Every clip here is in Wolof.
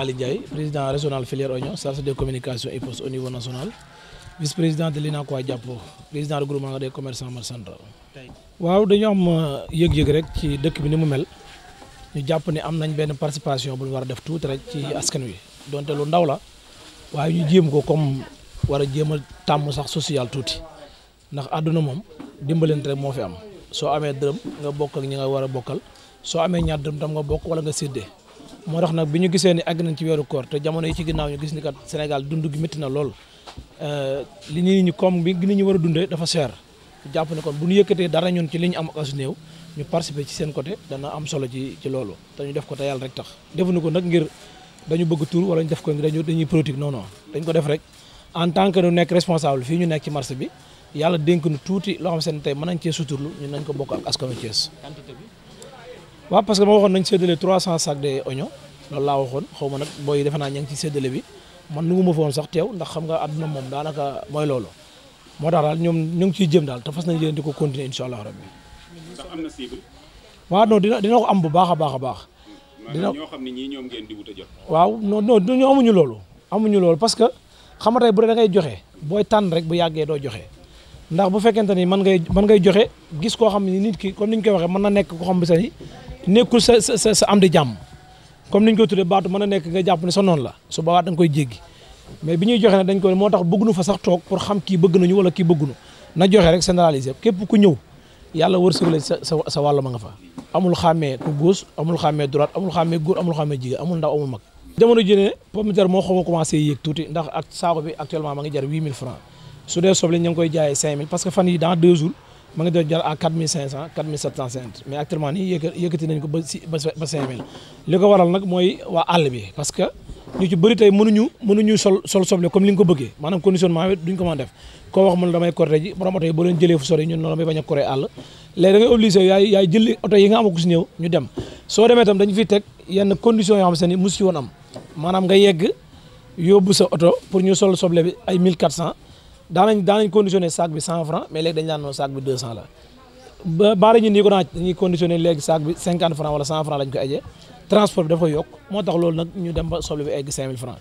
Ali Ndiaye président régional filière oignon chargé des communications et postes au niveau national vice-président de l'INACOA Diapo président regroupement des commerçants marchands. waaw dañu am euh, yëg-yëg rek ci dëkk bi ni mu mel ñu jàpp ne am nañ benn participation bu ñu war a def tuuti rek ci askan wi donte lu ndaw la waaye ñu jéem ko comme war a jéem a tàmm sax social tuuti ndax àdduna moom dimbalante rek moo fi am soo amee dërëm nga bokk ak ñi nga war a bokkal soo amee ñaar dërëm tam nga bokk wala nga séddee. moo tax nag bi ñu gisee ni àgg nañ ci weeru koor te jamono yi ci ginnaaw ñu gis ni kat Sénégal dund gi métti na lool euh, li ñuy ñu koom bi ni ñu war a dundee dafa seer jàpp ne kon bu ñu yëkkatee dara ñun ci li ñu am as néew ñu participer ci seen côté dana am solo ci ci loolu te ñu def ko te yàlla rek tax defuñu ko nag ngir dañu bëgg tur wala ñu def ko ngir dañuy politique non non dañ ko def rek en tant que ñu nekk responsable fii ñu nekk ci marché bi yàlla dénk nu tuuti loo xam mën nañ cee suturlu ñu nañ ko bokk ak askan wi Thiès. bi waaw parce que waxoon nañ séddale 300 sacs de oignon loolu laa xaw ma nag booy defe naa ña ngi ci bi man nu ma fa sax teew ndax xam nga àdduna moom daanaka mooy loolu moo tax ñoom ñu ngi ciy jëm daal te fas nañ leen di ko continuer incha allah rabbi. ndax am na cible. waaw non dina dina ko am bu baax a baax a baax. dina ñoo xam ne ñii ñoom ngeen di wut a jot. waaw non non ñu amuñu loolu. amuñu loolu parce que xam bu dee da ngay joxe booy tànn rek bu yàggee doo joxe ndax bu fekkente ni man ngay man ngay joxe gis koo xam ne nit ki comme ni ñu koy waxee mën na nekk koo xam sa ni nekkul sa sa sa am di jàmm comme ni ñu ko tuddee baatu mën a nekk nga jàpp ne sa noonu la su boobaa da nga koy jéggi mais bi ñuy joxe ko moo tax bëgguñu fa sax toog pour xam kii bëgg nañu wala kii bëgguñu na joxe rek généraliser képp ku ñëw yàlla wërsëgale sa sa sa wàll ma nga fa amul xàmmee ku ne pomme de terre moo a commencé yéeg tuuti ndax ak saako bi actuellement ma ngi jar 8000 francs su dee soble ñu koy jaayee parce que fan yi dans deux jours ma ngi doon jar à 4500 4750 mais actuellement nii yëkk yëkkati nañ ko ba si ba 5000 li ko waral nag mooy waa àll bi parce que ñu ci bëri tey mënuñu mënuñu sol soble comme li nga ko bëggee maanaam conditionnement bi duñ ko mën a def koo wax mu ne damay corté ji borom oto yi boo jëlee fu sori a coré àll yi ñu dem soo demee itam dañu fiy teg yenn conditions yoo xam se ni am maanaam nga yegg yóbbu sa oto pour ñu sol soble bi ay 1400 daanañ daanañ conditionné sac bi cent franc mais léegi dañ naan noonu sac bi deux cent la ba ñun yi ko daan dañuy conditionné léegi sac bi cinquante franc wala cent franc lañ ko ajee transport bi dafa yokk moo tax loolu nag ñu dem ba soble bi egg cinq mille franc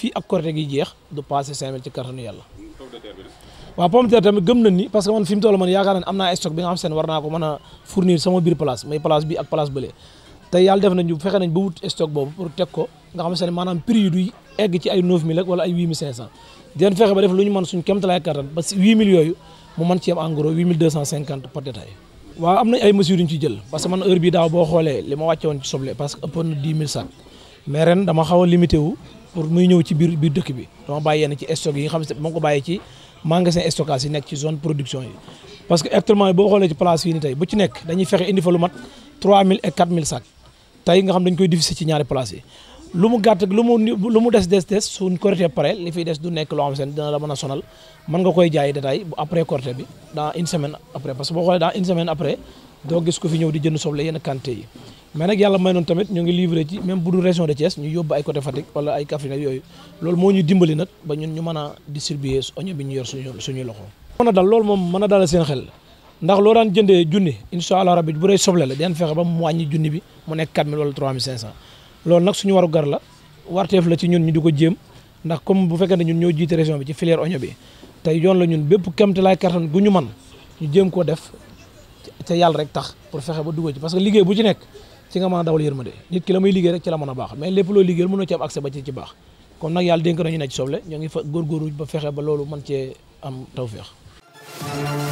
fii ak Korité gi jeex du passé cinq mille ci kartanu seen war ko mën a fournir sama biir place may place bi ak place bële te yàlla def nañ ñu fexe ba wut stock boobu pour teg ko nga xam seen maanaam prix yi du egg ci ay neuf mille ak ay huit mille cinq cent dinañ fexe ba def lu ñu mën suñ kéemtalaay kattan ba si 8000 yooyu mu mën ci am en gros 8250 par détail. waaw am nañ ay mesures yu ñu ci jël parce que man bi daaw boo xoolee li ma wàcce woon ci soble parce que ëppoon na 10 000 sacs mais dama xaw a limité wu pour muy ñëw ci biir dëkk bi dama bàyyi yenn ci stock yi xam ne ma ko bàyyi ci magasin stockage yi nekk ci zone production yi. parce que actuellement boo xoolee ci place yi ni tey bu ci nekk dañuy fexe indi fa lu mat 3000 et lu mu gàtt ak lu mu lu mu des des des suñ Korité pare li fiy des du nekk loo seen dina la mën a sonal mën nga koy jaay détail bu après Korité bi dans une semaine après parce que boo xoolee dans une semaine après doo gis ko fi ñëw di jënd soble yenn ñu ngi livré a distribuer oignon bi ñu yor suñu loxo. a dal loolu moom mën a dalal seen xel ndax loo daan jëndee junni incha allah rabi bu dee soble la dinañ fexe ba mu wàññi junni bi mu nekk 4000 wala 3500 loolu nag suñu waru gar la warteef la ci ñun ñu di ko jéem ndax comme bu fekkee ne ñun ñoo jiite région bi ci filière oignon bi tey yoon la ñun bépp kemtalaay kartan gu ñu man ñu jéem koo def te yàlla rek tax pour fexe ba dugal ci parce que liggéey bu ci nekk ci nga mën a dawal yërmande nit ki la muy liggéey rek ci la mën a baax mais lépp loo liggéey mënoo ci am accès ba ci ci baax kon nag yàlla dénk nañu ne ci ñoo ngi fa góorgóorlu ba fexe ba loolu mën cee am tawféex